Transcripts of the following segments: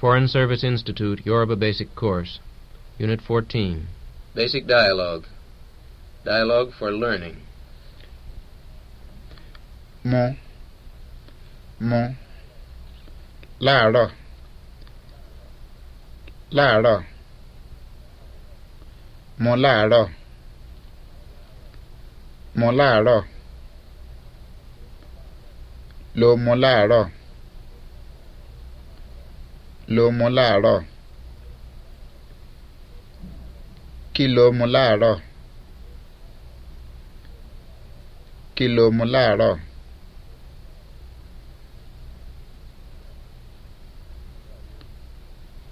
Foreign Service Institute, Yoruba Basic Course, Unit 14. Basic Dialogue. Dialogue for Learning. Mo. Mo. Láàárọ̀. Láàárọ̀. Mo láàárọ̀. Mo láàárọ̀. Lo mo láàárọ̀. ló mu láàárọ̀? Kí ló mu láàárọ̀? Kí ló mu láàárọ̀?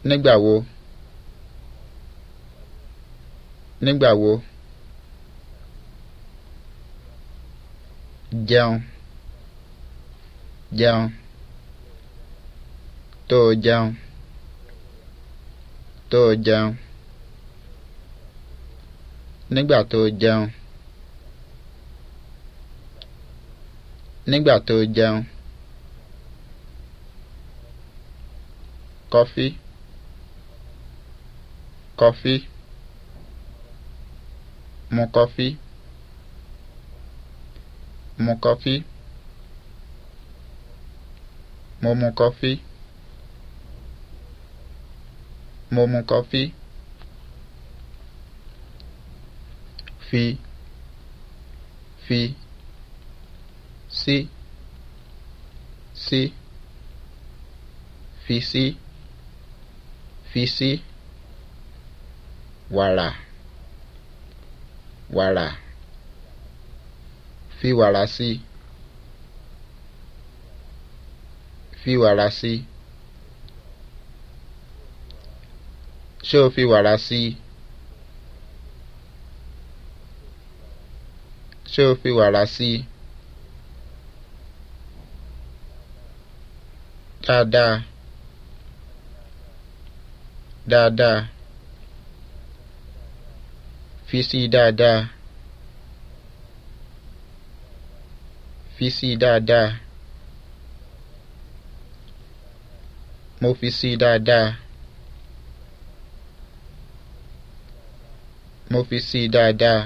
Nígbà wo? Nígbà wo? Jẹun. Jẹun. Tó jẹun tó o jẹun nígbà tó o jẹun nígbà tó o jẹun kọfí kọfí mu kọfí mu kọfí mo mu kọfí mo mu kọfí fi fi sí sí fi sí fi sí wàrà wàrà fi wàrà sí fi wàrà sí. Si. ṣé o fi wàrà sí i ṣé o fi wàrà sí i dáadáa dáadáa fi sí i dáadáa fi sí i dáadáa mo fi sí i dáadáa. Mo fi sí i dáadáa.